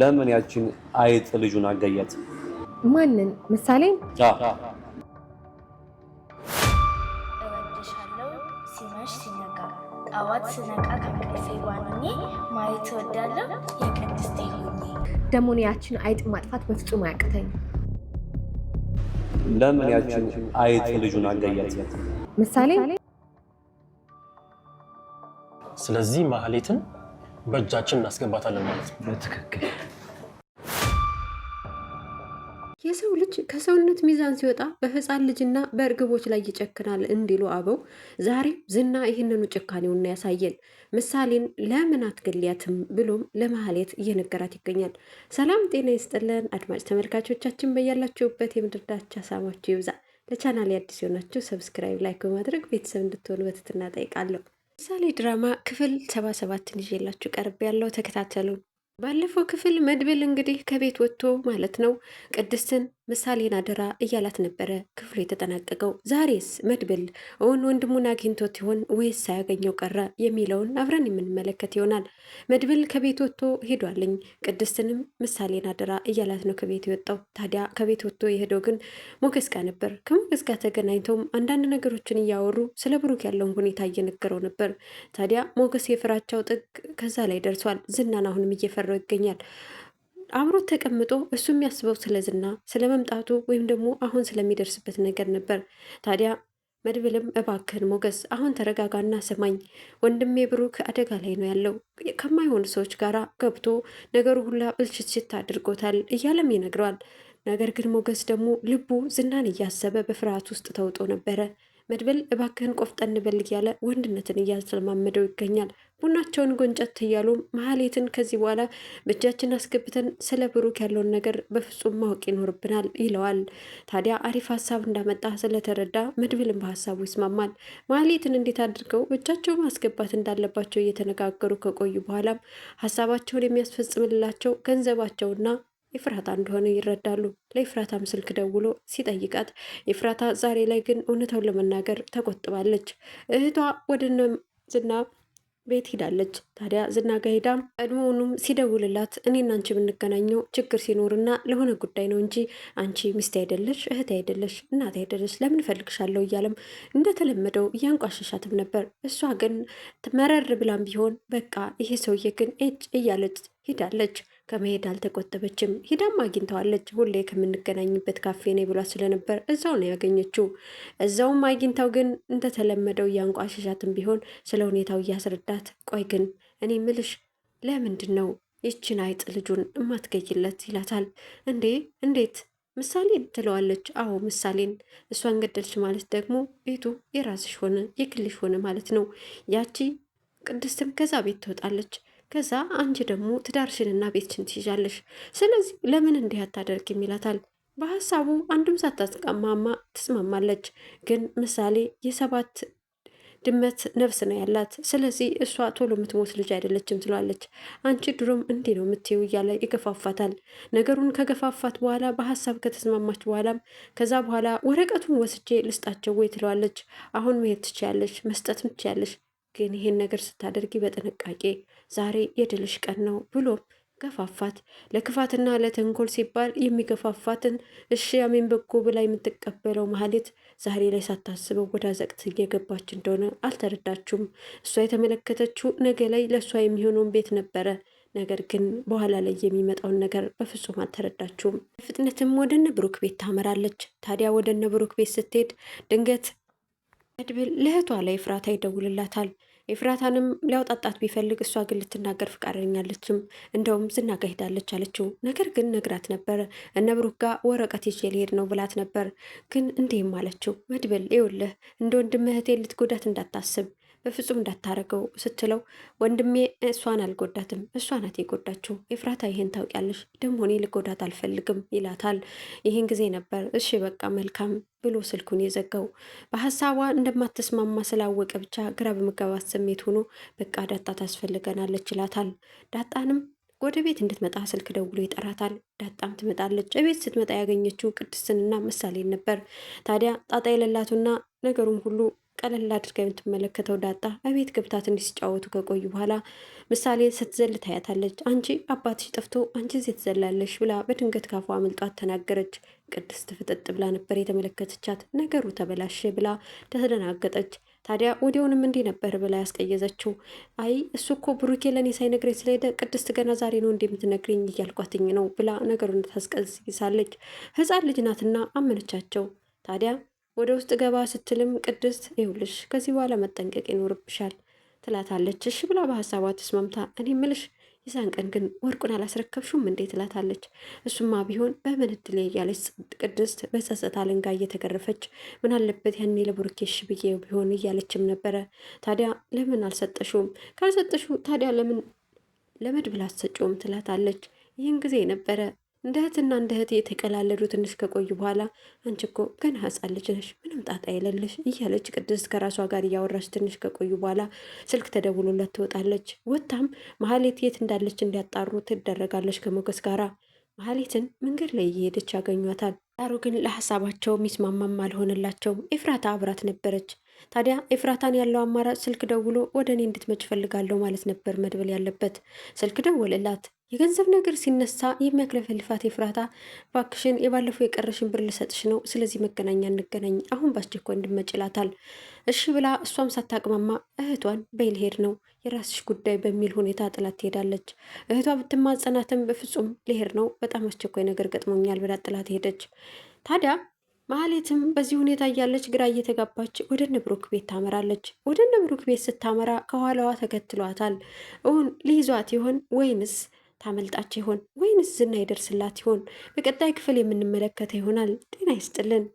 ለምን ያችን አይጥ ልጁን አገያት? ማንን? ምሳሌ እወድሻለሁ። ጠዋት ስነቃ ከእንቅልፌ ማየት እወዳለሁ የቅድስት ደግሞ ያችን አይጥ ማጥፋት በፍጹም አያቅተኝ። ለምን ያችን አይጥ ልጁን አገያት? ምሳሌ ስለዚህ ማህሌትን በእጃችን እናስገባታለን ማለት ነው። በትክክል የሰው ልጅ ከሰውነት ሚዛን ሲወጣ በህፃን ልጅና በእርግቦች ላይ ይጨክናል እንዲሉ አበው፣ ዛሬ ዝና ይህንኑ ጭካኔውና ያሳየን። ምሳሌን ለምን አትገልያትም ብሎም ለማህሌት እየነገራት ይገኛል። ሰላም ጤና ይስጥልን አድማጭ ተመልካቾቻችን፣ በያላችሁበት የምድር ዳርቻ ሰላማችሁ ይብዛ። ለቻናል አዲስ የሆናችሁ ሰብስክራይብ፣ ላይክ በማድረግ ቤተሰብ እንድትሆኑ በትህትና እጠይቃለሁ። ምሳሌ ድራማ ክፍል ሰባ ሰባትን ይዤላችሁ ቀርብ ያለው ተከታተሉ። ባለፈው ክፍል መድብል እንግዲህ ከቤት ወጥቶ ማለት ነው ቅድስትን ምሳሌን አደራ እያላት ነበረ ክፍሉ የተጠናቀቀው። ዛሬስ መድብል እውን ወንድሙን አግኝቶት ይሆን ወይስ ሳያገኘው ቀረ የሚለውን አብረን የምንመለከት ይሆናል። መድብል ከቤት ወጥቶ ሄዷልኝ። ቅድስትንም ምሳሌን አደራ እያላት ነው ከቤት የወጣው። ታዲያ ከቤት ወጥቶ የሄደው ግን ሞገስ ጋር ነበር። ከሞገስ ጋር ተገናኝተውም አንዳንድ ነገሮችን እያወሩ ስለ ብሩክ ያለውን ሁኔታ እየነገረው ነበር። ታዲያ ሞገስ የፍራቻው ጥግ ከዛ ላይ ደርሷል። ዝናን አሁንም እየፈ እየሰራው ይገኛል። አብሮት ተቀምጦ እሱ የሚያስበው ስለ ዝና ስለ መምጣቱ ወይም ደግሞ አሁን ስለሚደርስበት ነገር ነበር። ታዲያ መድብልም እባክህን ሞገስ አሁን ተረጋጋና ስማኝ ወንድሜ ብሩክ አደጋ ላይ ነው ያለው፣ ከማይሆኑ ሰዎች ጋር ገብቶ ነገሩ ሁላ ብልችትችት አድርጎታል እያለም ይነግረዋል። ነገር ግን ሞገስ ደግሞ ልቡ ዝናን እያሰበ በፍርሃት ውስጥ ተውጦ ነበረ። መድብል እባክህን ቆፍጠን በል እያለ ወንድነትን እያስለማመደው ይገኛል። ቡናቸውን ጎንጨት እያሉ መሀሌትን ከዚህ በኋላ በእጃችን አስገብተን ስለ ብሩክ ያለውን ነገር በፍጹም ማወቅ ይኖርብናል ይለዋል። ታዲያ አሪፍ ሀሳብ እንዳመጣ ስለተረዳ መድበልን በሀሳቡ ይስማማል። መሀሌትን እንዴት አድርገው በእጃቸው ማስገባት እንዳለባቸው እየተነጋገሩ ከቆዩ በኋላም ሀሳባቸውን የሚያስፈጽምላቸው ገንዘባቸውና ኤፍራታ እንደሆነ ይረዳሉ። ለኤፍራታም ስልክ ደውሎ ሲጠይቃት ኤፍራታ ዛሬ ላይ ግን እውነታውን ለመናገር ተቆጥባለች። እህቷ ወደነ ዝና ቤት ሂዳለች። ታዲያ ዝና ጋ ሄዳ ቀድሞውኑም ሲደውልላት እኔና አንቺ የምንገናኘው ችግር ሲኖርና ለሆነ ጉዳይ ነው እንጂ አንቺ ሚስቴ አይደለሽ፣ እህቴ አይደለሽ፣ እናቴ አይደለሽ፣ ለምን እፈልግሻለሁ እያለም እንደተለመደው እያንቋሸሻትም ነበር። እሷ ግን መረር ብላም ቢሆን በቃ ይሄ ሰውዬ ግን ኤጭ እያለች ሂዳለች። ከመሄድ አልተቆጠበችም። ሂዳም አግኝተዋለች። ሁሌ ከምንገናኝበት ካፌ ነው ብሏት ስለነበር እዛው ነው ያገኘችው። እዛውም አግኝታው ግን እንደተለመደው እያንቋሸሻትም ቢሆን ስለ ሁኔታው እያስረዳት፣ ቆይ ግን እኔ ምልሽ ለምንድን ነው ይችን አይጥ ልጁን እማትገይለት ይላታል። እንዴ እንዴት ምሳሌን ትለዋለች። አዎ ምሳሌን እሷን ገደልች ማለት ደግሞ ቤቱ የራስሽ ሆነ የግልሽ ሆነ ማለት ነው። ያቺ ቅድስትም ከዛ ቤት ትወጣለች። ከዛ አንቺ ደግሞ ትዳርሽንና ቤትሽን ትይዣለሽ፣ ስለዚህ ለምን እንዲህ አታደርግ ይላታል። በሀሳቡ አንድም ሳታስቀማማ ትስማማለች። ግን ምሳሌ የሰባት ድመት ነፍስ ነው ያላት። ስለዚህ እሷ ቶሎ የምትሞት ልጅ አይደለችም ትሏለች። አንቺ ድሮም እንዲህ ነው የምትይው እያለ ይገፋፋታል። ነገሩን ከገፋፋት በኋላ በሀሳብ ከተስማማች በኋላም ከዛ በኋላ ወረቀቱን ወስጄ ልስጣቸው ወይ ትለዋለች። አሁን መሄድ ትችያለሽ፣ መስጠት ትችያለሽ፣ ግን ይሄን ነገር ስታደርጊ በጥንቃቄ ዛሬ የድልሽ ቀን ነው ብሎ ገፋፋት። ለክፋትና ለተንኮል ሲባል የሚገፋፋትን እሺ አሜን በጎ ብላ የምትቀበለው መሀሌት ዛሬ ላይ ሳታስበው ወደ አዘቅት እየገባች እንደሆነ አልተረዳችሁም። እሷ የተመለከተችው ነገ ላይ ለእሷ የሚሆነውን ቤት ነበረ። ነገር ግን በኋላ ላይ የሚመጣውን ነገር በፍጹም አልተረዳችሁም። ፍጥነትም ወደ ብሩክ ቤት ታመራለች። ታዲያ ወደ ብሩክ ቤት ስትሄድ ድንገት መድብል ለእህቷ ላይ ኤፍራታ ይደውልላታል። ኤፍራታንም ሊያውጣጣት ቢፈልግ እሷ ግን ልትናገር ፍቃደኛ አለችም። እንደውም ዝናጋ ሄዳለች አለችው። ነገር ግን ነግራት ነበር እነ ብሩክ ወረቀት ይዤ ሊሄድ ነው ብላት ነበር። ግን እንዲህም አለችው፣ መድብል ይውልህ እንደ ወንድም እህቴ ልትጎዳት እንዳታስብ በፍጹም እንዳታረገው ስትለው ወንድሜ እሷን አልጎዳትም፣ እሷ ናት የጎዳችው። ኤፍራታ ይህን ታውቂያለሽ፣ ደግሞ እኔ ልጎዳት አልፈልግም ይላታል። ይህን ጊዜ ነበር እሺ በቃ መልካም ብሎ ስልኩን የዘጋው። በሀሳቧ እንደማትስማማ ስላወቀ ብቻ ግራ በመጋባት ስሜት ሆኖ በቃ ዳጣ ታስፈልገናለች ይላታል። ዳጣንም ወደ ቤት እንድትመጣ ስልክ ደውሎ ይጠራታል። ዳጣም ትመጣለች። እቤት ስትመጣ ያገኘችው ቅድስትንና ምሳሌን ነበር። ታዲያ ጣጣ የሌላቱና ነገሩን ሁሉ ቀለል አድርጋ የምትመለከተው ዳጣ እቤት ገብታ ትንሽ ሲጫወቱ ከቆዩ በኋላ ምሳሌ ስትዘል ታያታለች። አንቺ አባትሽ ጠፍቶ አንቺ እዚህ ትዘላለሽ ብላ በድንገት ካፏ አምልጧት ተናገረች። ቅድስት ፍጥጥ ብላ ነበር የተመለከተቻት። ነገሩ ተበላሸ ብላ ተደናገጠች። ታዲያ ወዲያውንም እንዲህ ነበር ብላ ያስቀየዘችው። አይ እሱ እኮ ብሩኬ ለእኔ ሳይነግረኝ ስለሄደ ቅድስት ገና ዛሬ ነው እንደምትነግረኝ እያልኳትኝ ነው ብላ ነገሩን ይዛለች። ህፃን ልጅ ናትና አመነቻቸው። ታዲያ ወደ ውስጥ ገባ ስትልም ቅድስት ይኸውልሽ ከዚህ በኋላ መጠንቀቅ ይኖርብሻል ትላታለች። እሺ ብላ በሀሳቧ ተስማምታ እኔ ምልሽ የዛን ቀን ግን ወርቁን አላስረከብሹም እንዴ ትላታለች። እሱማ ቢሆን በምን እድሌ እያለች ቅድስት በጸጸት አለንጋ እየተገረፈች ምን አለበት ያኔ ለቡርኬሽ ብዬ ቢሆን እያለችም ነበረ። ታዲያ ለምን አልሰጠሽውም? ካልሰጠሹ ታዲያ ለምን ለመድብል አትሰጪውም? ትላታለች። ይህን ጊዜ ነበረ እንደ እህትና እንደ እህት የተቀላለዱ ትንሽ ከቆዩ በኋላ አንቺ እኮ ገና ሕፃን ልጅ ነሽ፣ ምንም ጣጣ የለልሽ እያለች ቅድስት ከራሷ ጋር እያወራች ትንሽ ከቆዩ በኋላ ስልክ ተደውሎላት ትወጣለች። ወጥታም መሀሌት የት እንዳለች እንዲያጣሩ ትደረጋለች ከሞገስ ጋራ። መሀሌትን መንገድ ላይ እየሄደች ያገኟታል። ዳሩ ግን ለሀሳባቸው ሚስማማም አልሆነላቸውም። ኤፍራታ አብራት ነበረች። ታዲያ ኤፍራታን ያለው አማራጭ ስልክ ደውሎ ወደ እኔ እንድትመጭ ፈልጋለሁ ማለት ነበር መድብል ያለበት። ስልክ ደወለላት። የገንዘብ ነገር ሲነሳ የሚያክለፈልፋት ኤፍራታ ባክሽን የባለፈው የቀረሽን ብር ልሰጥሽ ነው፣ ስለዚህ መገናኛ እንገናኝ አሁን በአስቸኳይ እንድመጭ ይላታል። እሺ ብላ እሷም ሳታቅማማ እህቷን በይልሄድ ነው የራስሽ ጉዳይ በሚል ሁኔታ ጥላት ትሄዳለች። እህቷ ብትማጸናትም በፍጹም ልሄድ ነው በጣም አስቸኳይ ነገር ገጥሞኛል ብላ ጥላት ሄደች። ታዲያ ማህሌትም በዚህ ሁኔታ እያለች ግራ እየተጋባች ወደ ንብሩክ ቤት ታመራለች። ወደ ንብሩክ ቤት ስታመራ ከኋላዋ ተከትሏታል። እውን ሊይዟት ይሆን ወይንስ ታመልጣች ይሆን ወይንስ ዝና ይደርስላት ይሆን? በቀጣይ ክፍል የምንመለከተ ይሆናል። ጤና ይስጥልን።